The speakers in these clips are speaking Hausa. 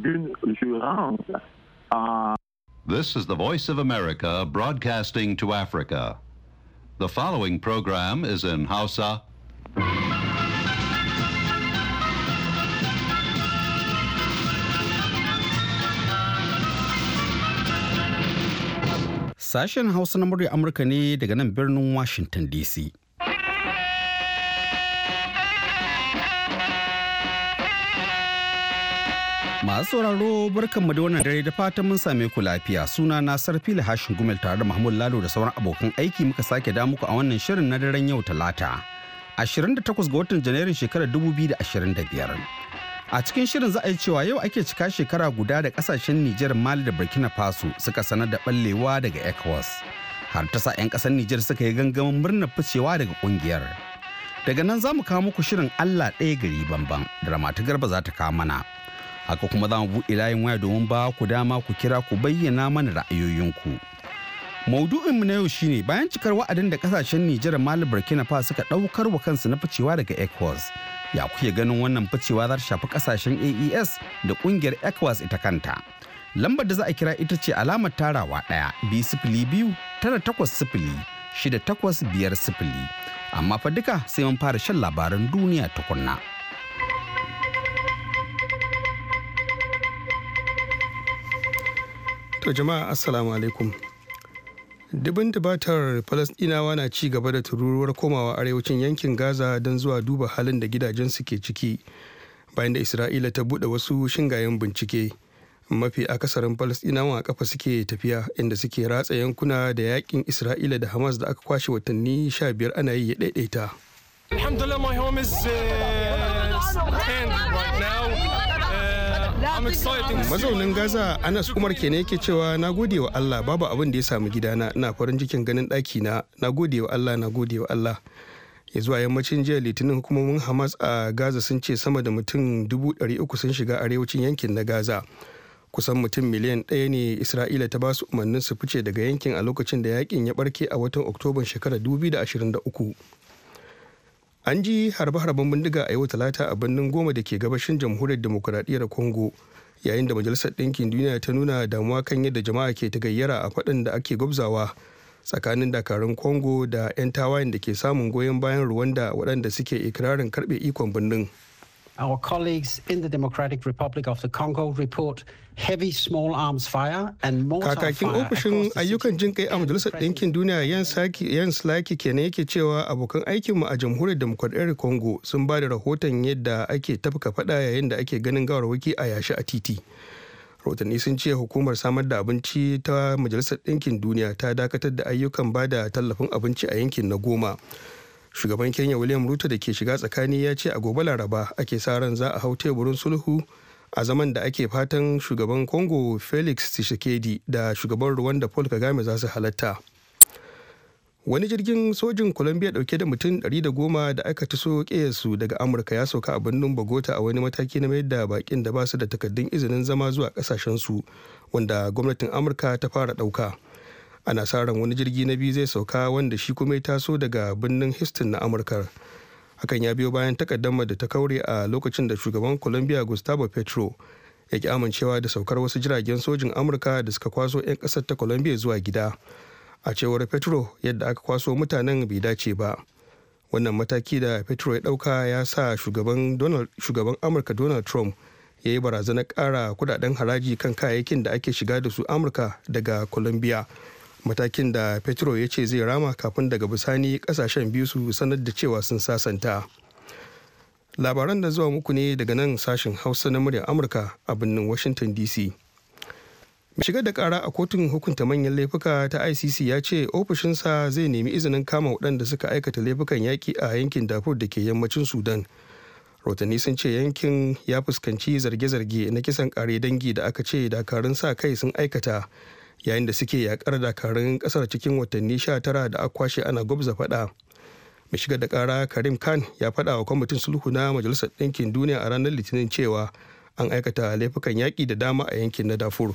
d'une jurance. This is the Voice of America broadcasting to Africa. The following program is in Hausa. Sashen Hausa na murya Amurka ne daga nan birnin Washington DC. Masu sauraro mu da wannan dare da fatan mun same ku lafiya suna na sarfila hashin gumel tare da Mahmud Lalo da sauran abokan aiki muka sake da muku a wannan shirin na daren yau talata 28 ga watan janairun shekarar 2025. A cikin shirin za a yi cewa yau ake cika shekara guda da kasashen Nijar Mali da Burkina Faso suka sanar da ballewa daga ECOWAS. Har ta sa 'yan kasar Nijar suka yi gangamin murnar ficewa daga kungiyar. Daga nan za mu kawo muku shirin Allah ɗaya gari banban da Ramatu Garba za ta kawo mana. haka kuma za mu buɗe layin waya domin ba ku dama ku kira ku bayyana mana ra'ayoyinku. Maudu'inmu na yau shine bayan cikar wa'adin da ƙasashen Nijar Mali Burkina Faso suka ɗaukar wa kansu na ficewa daga ECOWAS. Ya kuke ganin wannan ficewa za ta shafi ƙasashen AES da ƙungiyar ECOWAS ita kanta. Lambar da za a kira ita ce alamar tarawa ɗaya bi sifili biyu tara takwas sifili shida takwas biyar sifili. Amma fa duka sai mun fara shan labaran duniya tukunna. To jama'a assalamu alaikum. Dubin dubatar Falasɗinawa na ci gaba da tururuwar komawa arewacin yankin Gaza don zuwa duba halin da gidajensu ke ciki bayan da Isra'ila ta buɗe wasu shingayen bincike. Mafi akasarin Falasɗinawa a kafa suke tafiya inda suke ratsa yankuna da yakin Isra'ila da Hamas da aka kwashe watanni biyar ana yi ya ɗaiɗaita. Alhamdulillah eh, mazaunin gaza anas umar ne yake cewa na gode wa allah babu abin da ya samu gidana ina farin cikin ganin ɗaki na na gode wa allah na gode wa allah ya zuwa yammacin jiya litinin hukumomin hamas a gaza sun ce sama da mutum uku sun shiga arewacin yankin na gaza kusan mutum miliyan ɗaya ne isra'ila ta basu su umarnin su fice daga yankin a lokacin da yakin ya barke a watan oktoban shekarar 2023 an ji harbe-harben bindiga a yau talata a birnin goma da ke gabashin jamhuriyar demokuraɗiyyar congo yayin da majalisar ɗinkin duniya ta nuna damuwa kan yadda jama'a ke ta gayyara a faɗin da ake gwabzawa tsakanin dakarun congo da 'yan tawayen da ke samun goyon bayan rwanda waɗanda suke ikirarin karɓe ikon birnin our colleagues in the democratic republic of the congo report heavy small arms fire and mortar Kakakin ofishin ayyukan jin kai a Majalisar Ɗinkin Duniya yan Slaki kenan yake cewa abokan aikinmu a Jamhuriyar Demokradiyyar Congo sun ba da rahoton yadda ake tafka fada yayin da ake ganin gawarwaki a yashi a titi. rahotanni sun ce hukumar samar da abinci ta majalisar ɗinkin duniya ta dakatar da ayyukan ba da tallafin abinci a yankin na goma shugaban kenya william ruto da ke shiga tsakani ya ce a gobe laraba ake sa ran za a hau teburin sulhu a zaman da ake fatan shugaban congo felix tshisekedi da shugaban rwanda paul kagame za su halatta wani jirgin sojin colombia dauke da mutum 110 da aka ta soke su daga amurka ya sauka a birnin bogota a wani mataki na mayar da bakin da ba su da takaddun izinin zama zuwa su wanda gwamnatin amurka ta fara dauka ana sa ran wani jirgi na biyu zai sauka wanda shi kuma ya taso daga birnin houston na amurka hakan ya biyo bayan takaddama da ta kaure a lokacin da shugaban colombia gustavo petro ya ki amincewa da saukar wasu jiragen sojin amurka da suka kwaso 'yan kasar ta colombia zuwa gida a cewar petro yadda aka kwaso mutanen bai dace ba wannan mataki da petro ya dauka ya sa shugaban amurka donald trump ya yi barazanar kara kudaden haraji kan kayayyakin da ake shiga da su amurka daga colombia matakin da petro ya ce zai rama kafin daga bisani kasashen biyu su sanar da cewa sun sasanta labaran da zuwa muku ne daga nan sashen hausa na muryar amurka a birnin washington dc mai shigar da kara a kotun hukunta manyan laifuka ta icc ya ce ofishinsa zai nemi izinin kama waɗanda suka aikata laifukan yaƙi a yankin dafur da ke yammacin sudan rahotanni sun ce yankin ya fuskanci zarge-zarge na kisan kare dangi da aka ce dakarun sa kai sun aikata yayin da suke yakar dakarun kasar cikin watanni 19 da akwashe ana gwabza fada mai shiga da kara karim khan ya fada wa kwamitin sulhu na majalisar ɗinkin duniya a ranar litinin cewa an aikata laifukan yaƙi da dama a yankin na dafur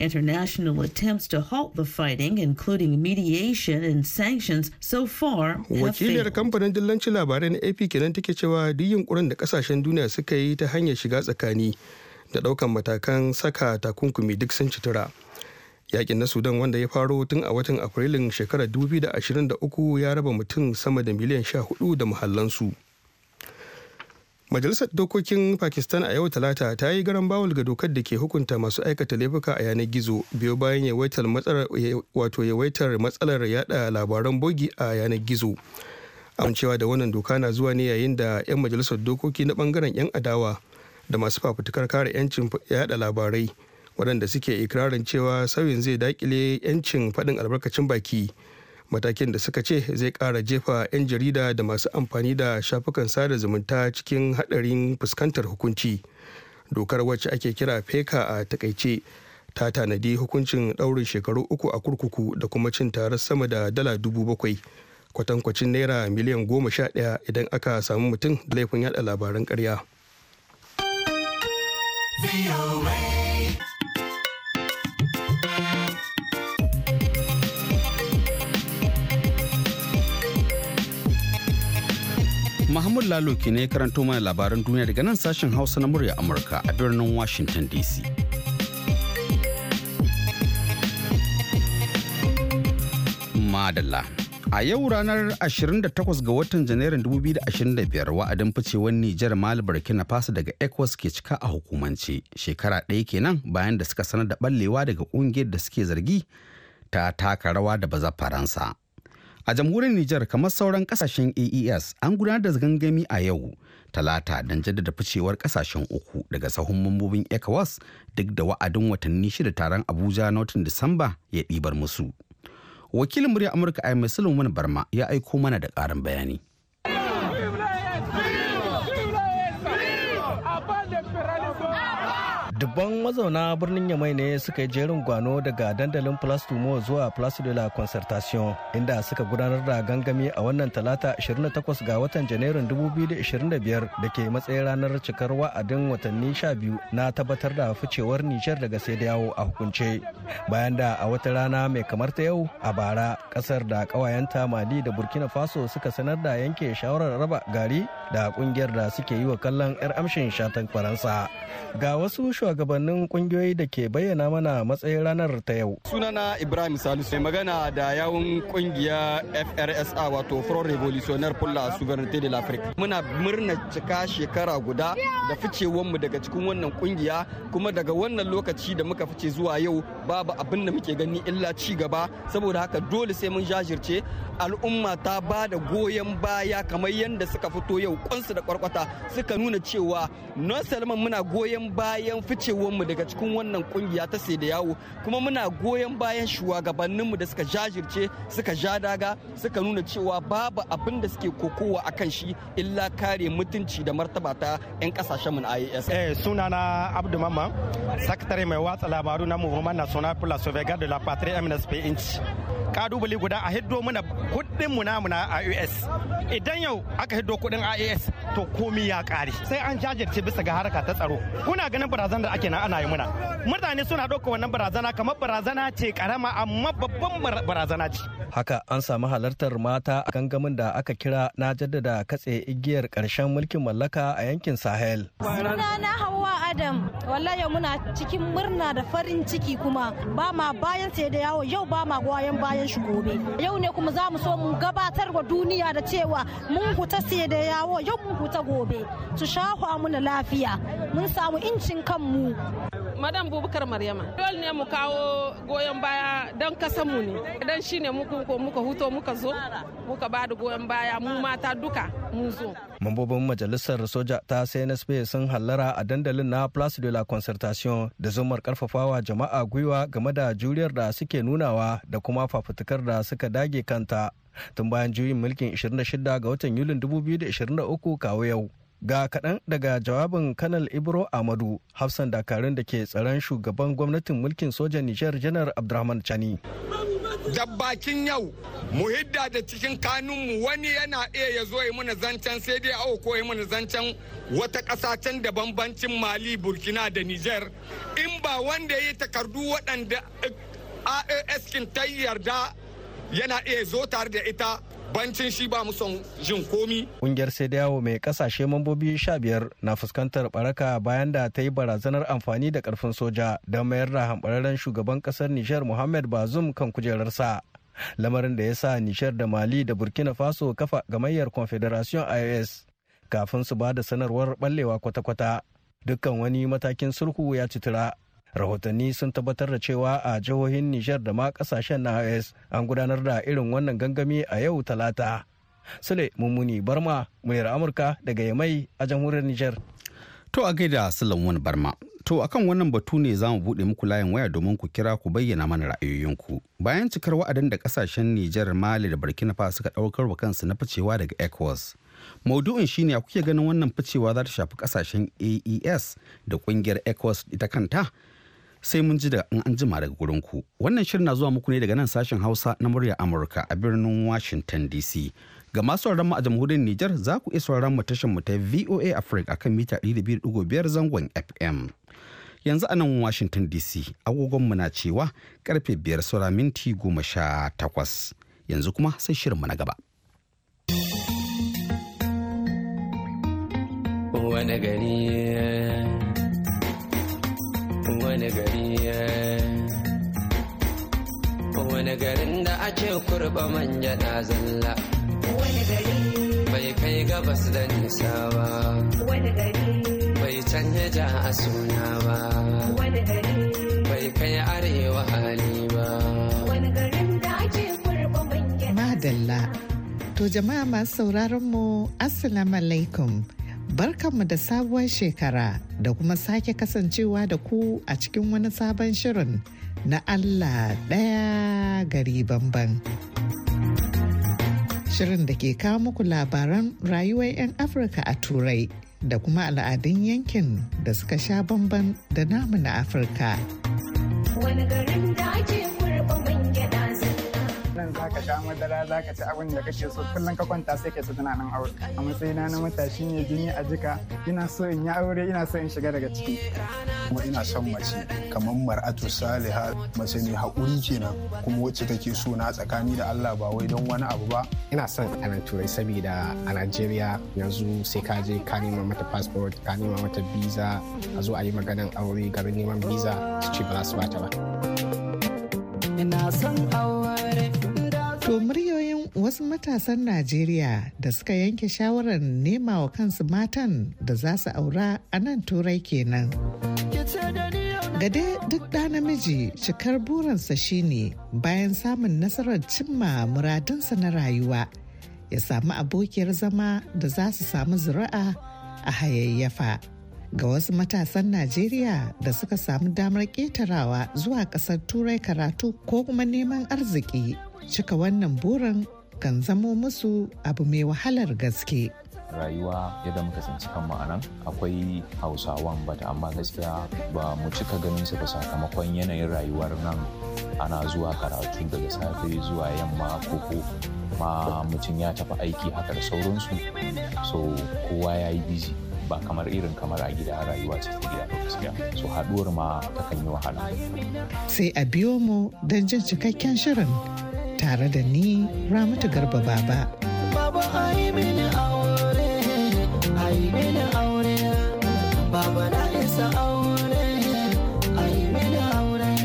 International attempts to halt the fighting, including mediation and sanctions, so far Wakiliyar kamfanin dillanci labarai na AP kenan take cewa duk yunkurin da kasashen duniya suka yi ta hanyar shiga tsakani da daukan matakan saka takunkumi duk sun citura. yakin na sudan wanda ya faro tun a watan afrilun shekarar 2023 ya raba mutum sama da miliyan 14 da muhallansu majalisar dokokin pakistan a yau talata ta yi garan bawul ga dokar da ke hukunta masu aikata laifuka a yanar gizo biyo bayan yawaitar matsalar wato yawaitar matsalar yada labaran bogi a yanar gizo amincewa da wannan doka na zuwa ne yayin da 'yan majalisar dokoki na bangaren 'yan adawa da masu fafutukar kare 'yancin yada labarai waɗanda suke ikirarin cewa sauyin zai dakile 'yancin faɗin albarkacin baki matakin da suka ce zai ƙara jefa 'yan jarida da masu amfani da shafukan sada zumunta cikin haɗarin fuskantar hukunci dokar wacce ake kira feka a takaice ta tanadi hukuncin ɗaurin shekaru uku a kurkuku da kuma cin tarar sama da dala dubu bakwai kwatankwacin naira miliyan goma sha ɗaya idan aka samu mutum da laifin yada labaran karya. Muhammad Lalo ke ne karanto mana labaran duniya daga nan sashen Hausa na murya Amurka a birnin Washington DC. Madalla. A yau ranar 28 ga watan Janairun 2025 wa'adin ficewar Nijar Mali Burkina Faso daga ECOWAS ke cika a hukumance shekara ɗaya kenan bayan da suka sanar da ɓallewa daga ƙungiyar da suke zargi ta taka rawa da baza Faransa. A jamhuriyar Nijar kamar sauran kasashen AES an gudanar da gangami a yau talata don jaddada ficewar kasashen uku daga sahun mambobin ECOWAS duk da wa'adin watanni shida taron Abuja na watan Disamba ya ɗibar musu. Wakilin murya Amurka a Sulaiman Barma ya aiko mana da ƙarin bayani. dubban mazauna birnin yamai ne suka yi jerin gwano daga dandalin plus zuwa place de la concertation inda suka gudanar da gangami a wannan talata 28 ga watan janairun 2025 da ke matsayin ranar cikar wa'adin watanni 12 na tabbatar da ficewar nijar daga sai da yawo a hukunce bayan da a wata rana mai kamar ta yau a bara kasar da kawayenta mali da burkina faso suka sanar da yanke shawarar raba gari da kungiyar da suke yi wa kallon 'yar amshin shatan faransa ga wasu shugabannin kungiyoyi da ke bayyana mana matsayin ranar ta yau. Sunana Ibrahim Salisu mai magana da yawun kungiya FRSA wato Front Revolutionnaire pour la Souveraineté de l'Afrique. Muna murna cika shekara guda da mu daga cikin wannan kungiya kuma daga wannan lokaci da muka fice zuwa yau babu abin da muke gani illa ci gaba saboda haka dole sai mun jajirce al'umma ta ba da goyon baya kamar yadda suka fito yau kunsu da kwarkwata suka nuna cewa non salman muna goyon bayan ficewarmu daga cikin wannan kungiya ta sai da yawo kuma muna goyon bayan shugabanninmu da suka jajirce suka ja daga suka nuna cewa babu abin da suke kokowa akan shi illa kare mutunci da martaba ta 'yan kasashenmu na IAS. Eh na Abdu Mamman, sakatare mai watsa labaru na muhammad National pour la de la Patrie MNSP Inch. Kadubali guda a hiddo mana kudin mu na IAS. Idan yau aka hiddo kuɗin IAS to komi ya ƙare. Sai an jajirce bisa ga harka ta tsaro. Kuna ganin barazan da ake nan ana yi muna mutane suna ɗauka wannan barazana kamar barazana ce karama amma babban barazana ce haka an samu halartar mata a gangamin da aka kira na jaddada katse igiyar karshen mulkin mallaka a yankin sahel sunana hawa adam wallahi muna cikin murna da farin ciki kuma ba ma bayan sai da yawo yau ba ma goyen bayan shi gobe yau ne kuma za mu so mu gabatar wa duniya da cewa mun huta sai da yawo yau mun huta gobe su shafa muna lafiya mun samu incin kanmu mu madam Bubakar maryama dole ne mu kawo goyon baya don mu ne don muku ko muka huto muka zo muka ba da goyon baya mu mata duka mu zo mambobin majalisar soja ta cnsp sun hallara a dandalin na place de la concertation da zumar karfafawa jama'a gwiwa game da juriyar da suke nunawa da kuma fafutukar da suka dage kanta tun bayan juyin mulkin 26 ga watan yulin 2023 kawo yau Ga kaɗan daga jawabin Kanal Ibro Amadu, hafsan dakarun da ke tsaron shugaban gwamnatin mulkin sojan Nijar Janar Abdurrahman Chani. Da bakin yau, mu hidda da cikin kanunmu wani yana iya ya zo yi mana zancen sai dai awo ko yi mana zancen wata ƙasa can da bambancin Mali, Burkina da niger In ba wanda ya yi takardu waɗanda AAS kin ta yarda yana iya zo tare da ita bancin shi ba mu son jin komi. Kungiyar sai da yawo mai kasashe mambobi sha biyar na fuskantar baraka bayan da ta yi barazanar amfani da karfin soja don mayar da hambararren shugaban kasar Nijar Muhammad Bazoum kan kujerarsa. Lamarin da ya sa Nijar da Mali da Burkina Faso kafa gamayyar Confederation IOS kafin su ba da sanarwar ballewa kwata-kwata. Dukkan wani matakin sulhu ya citira rahotanni sun tabbatar da cewa a jihohin nijar da ma kasashen na as an gudanar da irin wannan gangami a yau talata sule mummuni barma muryar amurka daga yamai a jamhuriyar nijar to a gaida wani barma to akan wannan batu ne za mu buɗe muku layin waya domin ku kira ku bayyana mana ra'ayoyinku bayan cikar wa'adin da kasashen nijar mali da burkina faso suka ɗaukar wa kansu na ficewa daga ecowas maudu'in shine kuke ganin wannan ficewa za ta shafi kasashen aes da kungiyar ecowas ita kanta sai mun ji da in an jima daga gurin ku wannan shirin na zuwa muku ne daga nan sashen hausa na murya amurka a birnin washington dc ga masu sauraron mu a jamhuriyar niger za ku iya sauraron mu tashar mu ta voa africa akan mita 200.5 zangon fm yanzu a nan washington dc agogon mu na cewa karfe 5 saura minti 18 yanzu kuma sai shirin mu na gaba wani gani wani gari eh. wani garin da ake kurba manya na zalla wani gari bai kai gabas da nisa ba wani gari bai canja ja a suna ba wani gari bai kai arewa hali ba wani garin da ake manya madalla to jama'a masu sauraron mu assalamu alaikum Barkanmu da sabuwar shekara da kuma sake kasancewa da ku a cikin wani sabon shirin na Allah ɗaya gari bamban. Shirin da ke kawo muku labaran rayuwar 'yan Afirka a Turai da kuma al'adun yankin da suka sha bamban da namu na Afirka. Wani garin da ake za ka sha madara za ka ci abin da kake so kullum ka kwanta sai ka ci nan aure a matsayina na matashi ne jini a jika ina so in yi aure ina so in shiga daga ciki kuma ina son mace kamar mar'atu saliha mace ne haƙuri kenan kuma wacce take so na tsakani da Allah ba wai don wani abu ba ina son ana turai saboda a Najeriya yanzu sai ka je ka nema mata passport ka nema mata visa a zo a yi maganan aure garin neman visa su ce ba za su bata ba ina son aure To muryoyin wasu matasan Najeriya da suka yanke shawarar nema wa kansu matan da za su aura a nan turai kenan. Gade duk ɗa namiji cikar burinsa shine bayan samun nasarar cimma muradinsa na rayuwa ya samu abokiyar zama da za su samu zuri'a a hayayyafa. Ga wasu matasan Najeriya da suka samu damar ƙetarawa zuwa ƙasar turai karatu ko kuma neman arziki cika wannan burin kan zamo musu abu mai wahalar gaske. rayuwa yadda muka tsinci kan ma'anan akwai hausawan ba amma gaskiya ba mu cika ganin su ba sakamakon yanayin rayuwar nan ana zuwa karatu daga safe zuwa yamma ko ko ma mutum ya tafi aiki haka da sauransu so kowa ya yi bizi ba kamar irin kamar a gida rayuwa ce ta gida gaskiya so haɗuwar ma kan yi wahala sai a biyo mu don jin cikakken shirin tare da ni Ramatu Garba Baba.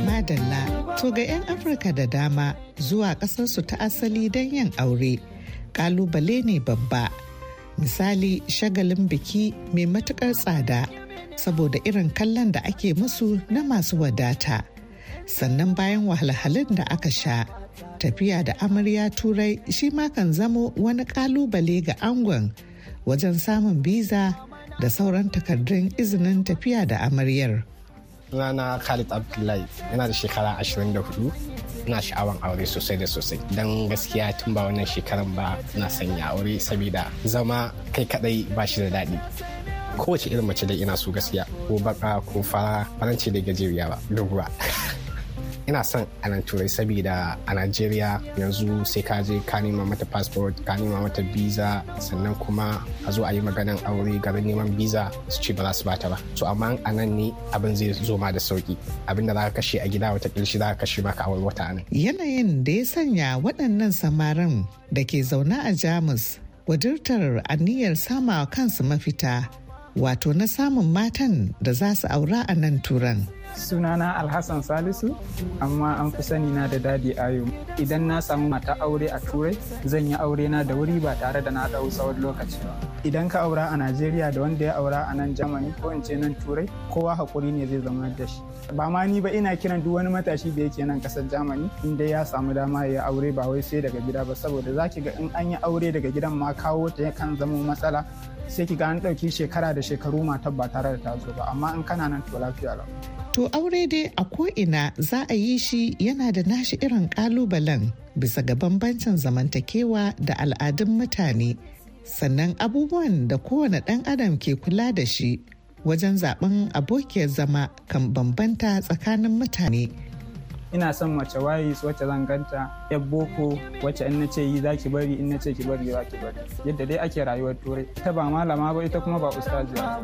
Madalla, to ga 'yan Afirka da dama zuwa ƙasarsu ta asali don yin aure, ƙalubale ne babba. Misali shagalin biki mai matuƙar tsada, saboda irin kallon da ake musu na masu wadata. sannan bayan wahalhalun da aka sha tafiya da amarya turai shi ma kan zamo wani kalubale ga angon wajen samun biza da sauran takardun izinin tafiya da amaryar. sunana khalid abdullahi yana da shekara 24 ina sha'awan aure sosai da sosai don gaskiya tun ba wannan shekaran ba na sanya aure saboda zama kai kadai ba shi da daɗi kowace irin mace da ina so gaskiya ko baka ko fara faranci da gajeriya ba doguwa ina son anan turai saboda a najeriya yanzu sai ka je ka nema mata passport ka nema mata visa sannan kuma a zo a yi maganan aure garin neman visa su ce ba za su bata ba to amma a nan ne abin zai zo ma da sauki abin da za ka kashe a gida wata shi za ka kashe maka a wata nan yanayin da ya sanya waɗannan samarin da ke zaune a jamus wadirtar aniyar sama kansu mafita wato na samun matan da za su aura a nan turan sunana alhassan salisu amma an fi sani na da dadi ayo idan na samu mata aure a turai zan yi aure na da wuri ba tare da na dau tsawon lokaci idan ka aura a najeriya da wanda ya aura a nan Jamani ko in ce nan turai kowa hakuri ne zai zama da shi ba ma ni ba ina kiran duk wani matashi da yake nan kasar germany dai ya samu dama ya aure ba wai sai daga gida ba saboda zaki ga in an yi aure daga gidan ma kawo ta yakan zama matsala sai ki ga an ɗauki shekara da shekaru ma ba tare da tazo ba amma in kana nan to lafiya lau. To aure dai a ko ina za a yi shi yana da nashi irin ƙalubalen bisa ga bambancin zamantakewa da al'adun mutane sannan abubuwan da kowane ɗan adam ke kula da shi wajen zaben abokiyar zama kan bambanta tsakanin mutane. ina son mace wayis wacce zan ganta yar boko wacce in nace yi zaki bari in nace ki bari za ki bari yadda dai ake rayuwar turai ta ba malama ba ita kuma ba ustaziya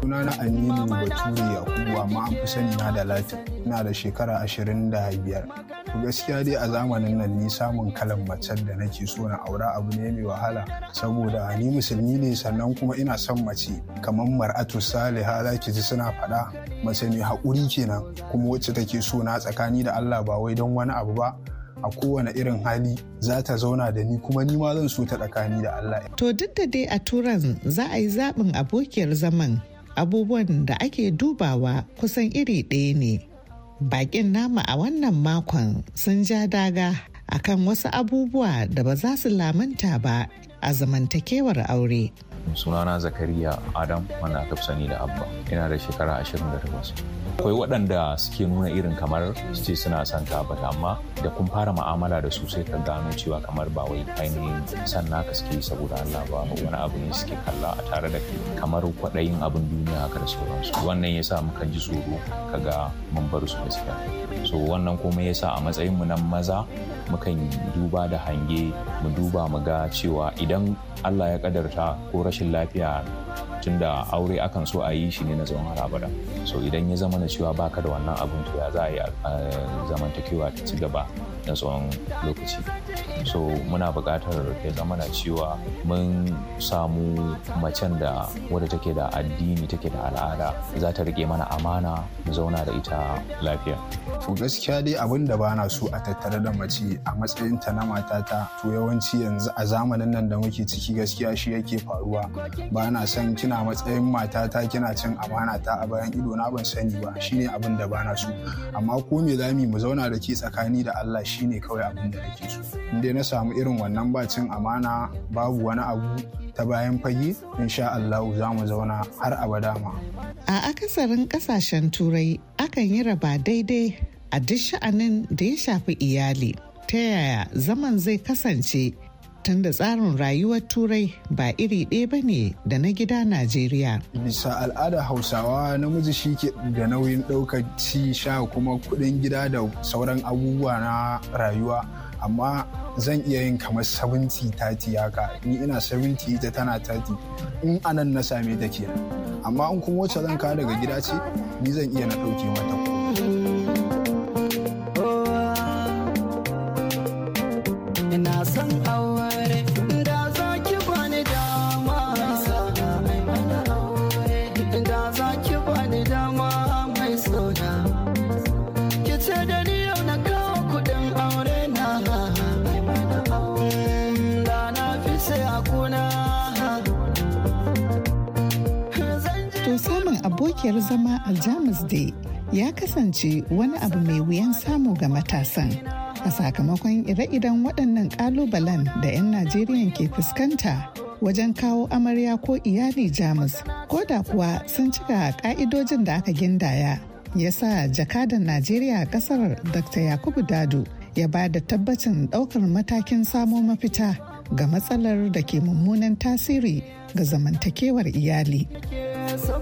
sunana aminu bature yakubu amma an fi sani na da latin ina da shekara ashirin da biyar to gaskiya dai a zamanin nan ni samun kalan macen da nake so na aura abu ne mai wahala saboda ni musulmi ne sannan kuma ina son mace kamar mar'atu saliha za ki ji suna faɗa mace mai haƙuri kenan kuma wacce take so na tsakani da Allah ba wai don wani abu ba a kowane irin hali za ta zauna da ni kuma ni ma zan so ta tsakani da Allah. To duk da dai a turan za a yi zaɓin abokiyar zaman abubuwan da ake dubawa kusan iri ɗaya ne. bakin nama a wannan makon sun ja daga akan wasu abubuwa da ba za su lamunta ba a zamantakewar aure. sunana zakariya adam wanda aka fi sani da abba ina da shekara ashirin da takwas akwai waɗanda suke nuna irin kamar su ce suna son ka amma da kun fara ma'amala da su sai ka gano cewa kamar ba wai ainihin san naka suke saboda Allah ba wani abu ne suke kalla a tare da kai kamar kwaɗayin abin duniya haka da sauransu wannan yasa muka ji tsoro ga mun bar su gaskiya so wannan kuma yasa a matsayin mu na maza mukan duba da hange mu duba mu ga cewa idan idan Allah ya kadarta ko rashin lafiya tunda aure akan so a yi shi ne na tsawon har abada so idan ya zama na cewa baka da wannan abin to ya za a yi eh, zamantakewa ta ci gaba na tsawon lokaci so muna buƙatar ya zama na cewa mun samu macen da wadda take da addini take da al'ada za ta rike mana amana mu zauna da ita lafiya to gaskiya dai abin da bana so a tattare da mace a matsayin ta na matata to yawanci yanzu a zamanin nan da muke ciki gaskiya shi yake faruwa ba na son kina kina matsayin mata ta kina cin amana ta a bayan ido na ban sani ba shine abin da bana so amma ko me za mu zauna da ke tsakani da Allah shine kawai abin da nake so in dai na samu irin wannan bacin amana babu wani abu ta bayan fage insha Allah za mu zauna har abada ma a akasarin kasashen turai akan yi raba daidai a duk sha'anin da ya shafi iyali ta yaya zaman zai kasance da tsarin rayuwar turai ba iri ɗaya ba ne da na gida najeriya bisa al'ada hausawa namiji shi ke da nauyin ɗaukar ci sha kuma kuɗin gida da sauran abubuwa na rayuwa amma zan iya yin kamar 70 30 haka ni ina 70 ita tana tati in anan na same ta ke amma in kuma wacce zan kawo daga gida ce ni zan iya na ɗauke mata dukiyar zama a jamus day ya kasance wani abu mai wuyan samu ga matasan a sakamakon ire-iren waɗannan ƙalubalen da 'yan najeriya ke fuskanta wajen kawo amarya ko iyali jamus ko da kuwa sun cika ƙa'idojin da aka gindaya ya sa jakadan najeriya a ƙasar dr yakubu dadu ya ba da tabbacin ɗaukar matakin samo mafita ga matsalar da ke mummunan tasiri ga zamantakewar iyali. so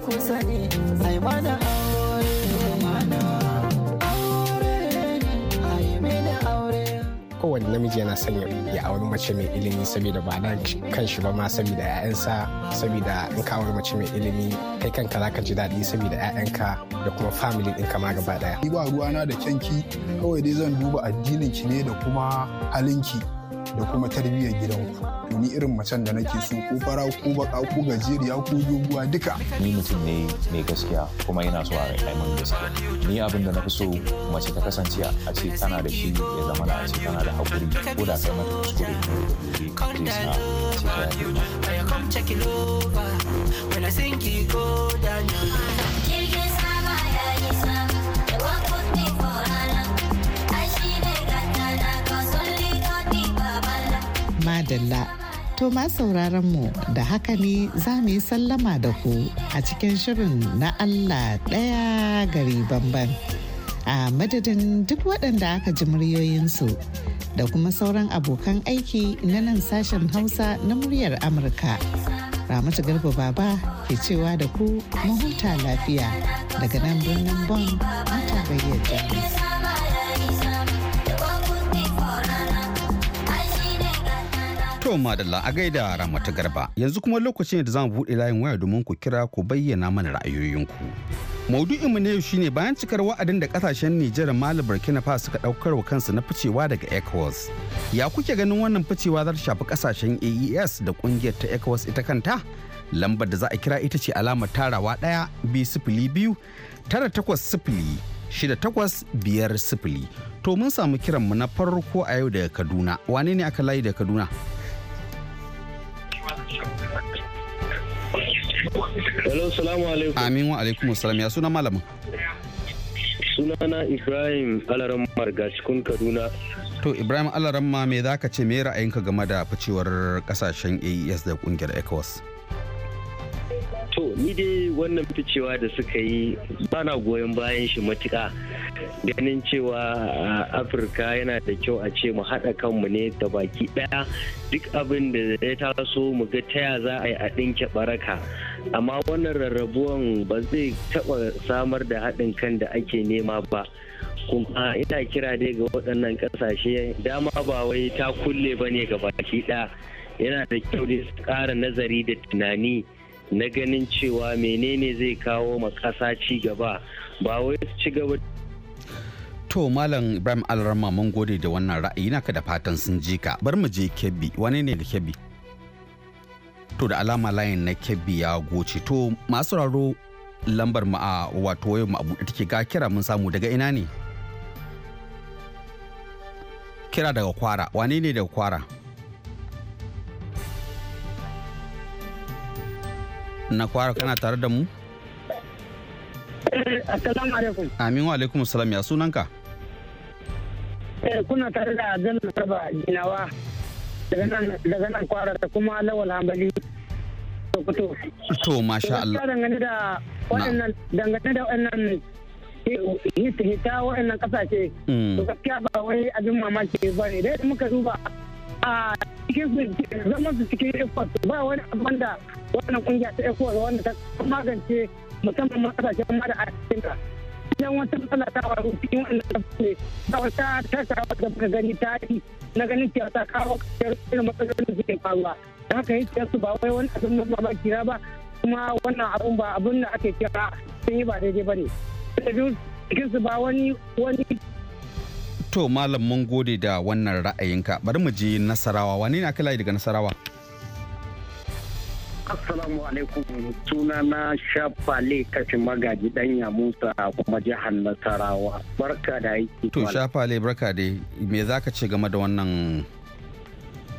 kowane namiji yana son ya auri mace mai ilimi saboda ba na kan shi ba ma saboda 'ya'yansa saboda in ka auri mace mai ilimi kai kanka za ka ji daɗi saboda 'ya'yanka da kuma family ɗinka ma gaba ɗaya. Ni ba ruwana da kyanki kawai dai zan duba addinin ki ne da kuma halinki. da kuma tarbiyyar gidan to ni irin macen da nake so ko fara ko baka ko gajeriya ko doguwa duka ni mutum ne mai gaskiya kuma ina so a rai mun gaskiya ni abin da na fi so mace ta kasance a ce tana da shi ya zama na a ce tana da hakuri ko da kai mata kuskure ne da gobe zai sa ce ta Dalla. To sauraron mu da haka ne za mu yi sallama da ku a cikin shirin na Allah ɗaya gari bamban. A madadin duk waɗanda aka ji muryoyinsu da kuma sauran abokan aiki na nan sashen Hausa na muryar Amurka. Ramatu Garba Baba ke cewa da ku mahuta lafiya daga nan birnin Bon mata bayyana. kyau madalla a gaida Ramatu Garba yanzu kuma lokacin da zamu bude layin waya domin ku kira ku bayyana mana ra'ayoyinku. Maudu'inmu na yau shine bayan cikar wa'adin da kasashen Nijar Mali Burkina Faso suka daukar wa kansu na ficewa daga ECOWAS. Ya kuke ganin wannan ficewa za ta shafi kasashen AES da kungiyar ta ECOWAS ita kanta? Lambar da za a kira ita ce alamar tarawa ɗaya bi sifili biyu tara takwas sifili shida takwas biyar sifili. To mun samu kiranmu na farko a yau daga Kaduna. Wane ne aka layi daga Kaduna? Hello, salamu alaikum. Amin wa alaikum salam. Ya suna malamin? Sunana Ibrahim Alaram Marga cikin Kaduna. To Ibrahim Alaram ma me ka ce me ra'ayinka game da ficewar kasashen AES da kungiyar ECOWAS? To ni dai wannan ficewa da suka yi bana goyon bayan shi matuka ganin cewa Afirka yana da kyau a ce mu haɗa kanmu ne da baki ɗaya duk abin da ya taso mu ga taya za a yi a ɗinke baraka. Amma wannan rarrabuwan ba zai taɓa samar da haɗin kan da ake nema ba. kuma ina kira dai ga waɗannan ƙasashe dama ba wai ta kulle ba ne ga baki ɗaya yana da kyau da su ƙara nazari da tunani na ganin cewa menene zai kawo makasa ci gaba ba wai ci gaba to malam ibrahim alrama mun gode da wannan ra'ayi naka da fatan sun ji ka bar mu je kebbi wani ne da kebbi to da alama layin na kebbi ya goce to masu raro lambar mu a wato wayo mu abu take ga kira mun samu daga ina ne kira daga kwara wane ne daga kwara na kwara kana tare da mu eh, assalamu alaikum amin wa alaikum salam ya sunanka eh, kuna tare da abdullahi saba ginawa daga nan kwara da kuma lawal hambali sokoto to masha Allah dangane da waɗannan dangane da waɗannan eh, hita waɗannan kasashe mm. to gaskiya ba wani abin mamaki ba ne dai muka duba a cikin su zaman su cikin ecos ba wani abin da wannan kungiya ta ecos wanda ta magance musamman ma kasashen mara a cikin ta idan wata matsala ta faru cikin wannan kasashe ta wata tasha wata da muka gani ta yi na ganin cewa ta kawo kasar irin matsalolin da suke faruwa da haka yi su ba wai wani abin da ba kira ba kuma wannan abun ba abun da ake kira sun yi ba daidai ba ne. Cikin su ba wani wani to malam mun gode da wannan ra'ayinka bari mu je nasarawa wani ne kala daga nasarawa Assalamu alaikum suna na shafale kashe magaji ya Musa kuma jihar Nasarawa. Barka da aiki. To shafale barka da me za ka ce game da wannan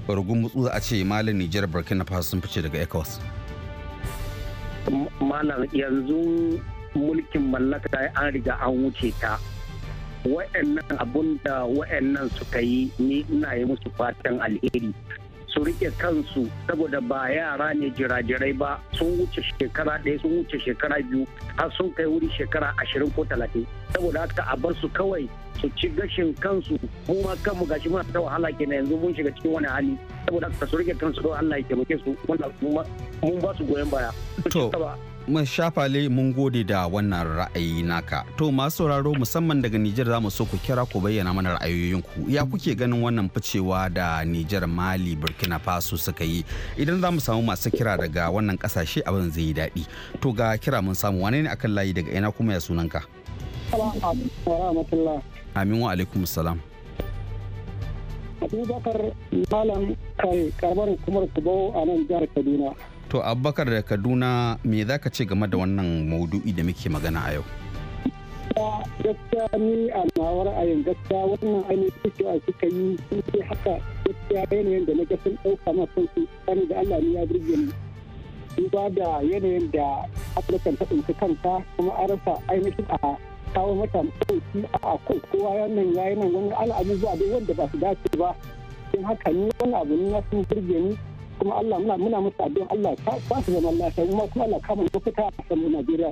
rugumutsu a ce malin Nijar Burkina Faso sun fice daga ecos Malam yanzu mulkin mallaka an riga an wuce ta. wa'annan abun da wa'annan suka yi ni ina yi musu fatan alheri su rike kansu saboda ba yara ne jirajirai ba sun wuce shekara ɗaya sun wuce shekara biyu har sun kai wuri shekara ashirin ko talatin saboda haka a bar su kawai su ci gashin kansu mu ma kanmu gashi muna ta wahala kenan yanzu mun shiga cikin wani hali saboda haka su rike kansu don Allah ya taimake su mun ba su goyon baya. shafa shafale mun gode da wannan ra'ayi naka to masu sauraro musamman daga Nijar za mu so ku kira ku bayyana mana ra'ayoyinku ya kuke ganin wannan ficewa da Nijar Mali Burkina Faso suka yi idan za mu samu masu kira daga wannan kasashe abin zai yi daɗi to ga kira mun samu wane ne akan layi daga ina kuma ya sunanka amin wa alaikum salam abubakar malam kai karbar hukumar kubau a nan jihar kaduna to abubakar da kaduna me za ka ce game da wannan maudu'i da muke magana a yau gaskiya ni a mawar a yin gaskiya wannan ainihin cewa suka yi sun ce haka gaskiya yanayin da na ga sun ɗauka masu sun su da allah ya birge ni duba da yanayin da afirka ta ɗauki kanta kuma an rasa ainihin a kawo mata ɗauki a kan kowa yannan ya yi nan wani al'abu ba wanda ba su dace ba sun haka ni wani abu ne ya sun birge ni kuma Allah muna muna musu addu'a Allah ba su zaman lafiya kuma kuma Allah kama mafita a san Najeriya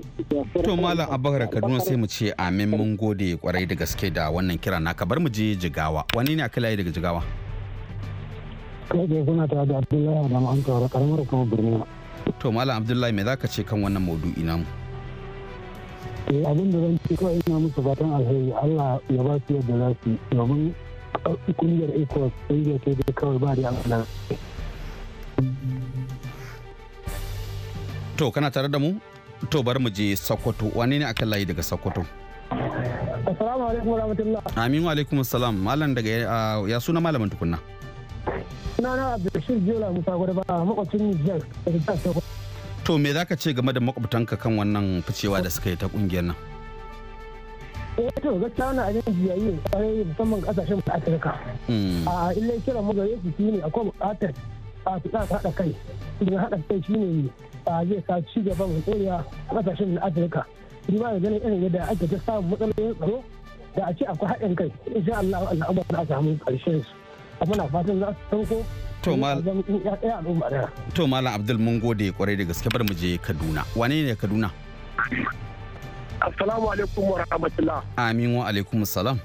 to malam Abubakar Kaduna sai mu ce amin mun gode kwarai da gaske da wannan kira naka bar mu je Jigawa wani ne akalaye daga Jigawa kaje kuna ta da Abdullahi da an tsara karamar kuma birni to malam Abdullahi me zaka ce kan wannan maudu'i namu eh, abin da zan ce kawai ina musu fatan alheri Allah ya ba su yadda za su yi domin kungiyar ecos kungiyar ce da kawai ba da amfani To kana tare da mu? To bar mu je Sokoto. Wane ne akan layi daga Sokoto? Assalamu alaikum warahmatullah. Amin wa alaikum assalam. Malam daga ya suna malamin tukunna. Sunana Abdulrashid Jola Musa Gwadaba makwacin Nijar daga jihar Sokoto. To me zaka ce game da makwabtanka kan wannan ficewa da suka yi ta kungiyar nan? eh to gaskiya wannan abin jiyayi ne eh, kwarai musamman kasashen Afirka. Hmm. Ah, A illai kiran mu gare su shine akwai bukatar a fita ta haɗa kai idan haɗa kai shine ah, zai sa ci gaba mai ɗorewa a ƙasashen afirka ba da ganin irin yadda ake ta samun matsalolin tsaro da a ce akwai haɗin kai insha Allah al'amma a samu ƙarshen su amma na fatan za su sauko to malam to Abdul mun gode kwarai da gaske bar mu je Kaduna wane ne Kaduna Assalamu alaikum wa rahmatullah Amin wa alaikum salam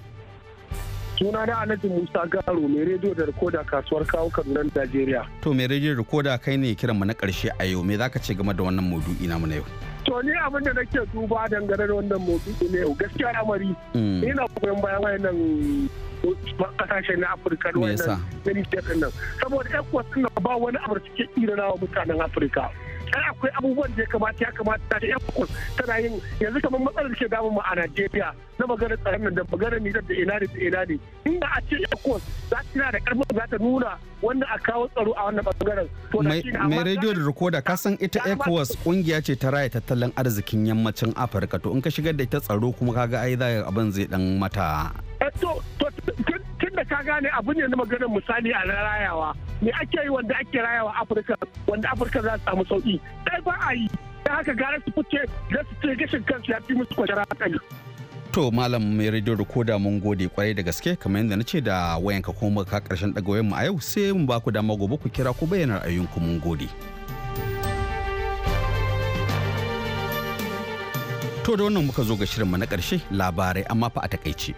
Suna na Alhaji Musa Garo mai rediyo da rikoda kasuwar kawo Kaduna Najeriya. To mai rediyo da rikoda kai ne kiran mu na karshe a yau me zaka ce game da wannan maudu'i namu na yau? To ni abin da nake duba dangane da wannan maudu'i ne yau gaskiya al'amari. Mm. Ina koyon bayan wayannan kasashen na afirka da wannan saboda ekwas na ba wani abu da suke irana wa mutanen afirka kai akwai abubuwan da ya kamata ya kamata ta yan tana yin yanzu kamar matsalar da ke damun mu a Najeriya na maganar tsaron nan da maganar Nijar da ina ne da ina ne inda a ce yan kun za ta tana da karfin za ta nuna wanda a kawo tsaro a wannan bangaren to mai rediyo da rikoda ka san ita ECOWAS kungiya ce ta raya tattalin arzikin yammacin Afirka to in ka shigar da ita tsaro kuma kaga ai za abin zai dan mata eh, da ka gane abu ne na maganar misali a rayawa me ake yi wanda ake rayawa afirka wanda afirka za su samu sauki ɗaya ba a yi da haka gara su fice da su ce gashin kansu ya fi musu kwanciyar hankali. to malam mai rediyo da mun gode kwarai da gaske kamar yadda na ce da wayanka kuma ka karshen ɗagawayen mu a yau sai mu ba ku dama gobe ku kira ku bayyana ku mun gode. To da wannan muka zo ga shirinmu na ƙarshe labarai amma fa a takaice.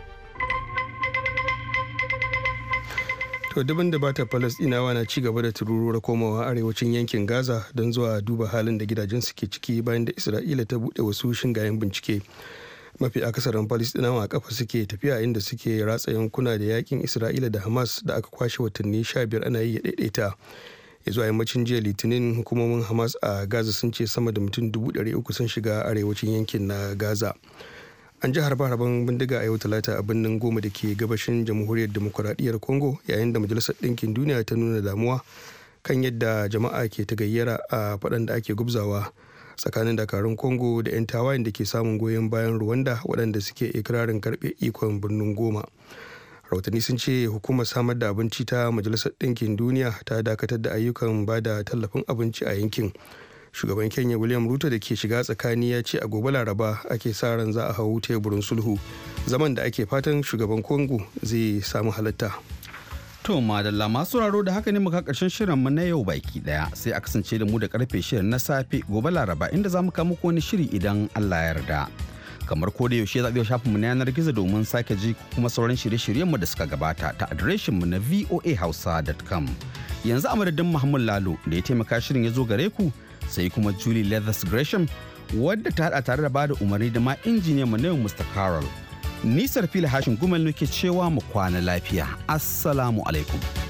to daban da bata falasdinawa na ci gaba da tururuwar komawa arewacin yankin gaza don zuwa duba halin da gidajen suke ciki bayan da isra'ila ta bude wasu shingayen bincike mafi akasarin falasdinawa a kafa suke tafiya inda suke ratsa yankuna da yakin isra'ila da hamas da aka kwashe watanni sha biyar ana yi ya daidaita ya zuwa yammacin jiya litinin hukumomin hamas a gaza sun ce sama da mutum uku sun shiga arewacin yankin na gaza an ji harbe-harben bindiga a yau talata a birnin goma da ke gabashin jamhuriyar demokuraɗiyyar congo yayin da majalisar ɗinkin duniya ta nuna damuwa kan yadda jama'a ke ta gayyara a faɗan da ake gubzawa tsakanin dakarun congo da 'yan tawayen da ke samun goyon bayan rwanda waɗanda suke ikirarin karɓe ikon birnin goma rahotanni sun ce hukumar samar da abinci ta majalisar ɗinkin duniya ta dakatar da ayyukan ba da tallafin abinci a yankin shugaban kenya william ruto da ke shiga tsakani ya ce a gobe laraba ake sa ran za a hau teburin sulhu zaman da ake fatan shugaban congo zai samu halatta to madalla masu raro da haka ne muka karshen shirin mu na yau baki daya sai a kasance da mu da karfe shirin na safe gobe laraba inda za mu kawo wani shiri idan allah ya yarda kamar ko da yaushe zaɓi shafin mu na yanar gizo domin sake ji kuma sauran shirye-shiryen mu da suka gabata ta adireshin mu na voahausa.com yanzu a madadin Muhammad Lalo da ya taimaka shirin ya zo gare ku sai kuma Julie Leathers Gresham wadda ta hada tare da bada umarni da ma injiniyan mu yau Mr. Carol. Nisar fili hashin gumel nake cewa mu kwana lafiya. Assalamu alaikum.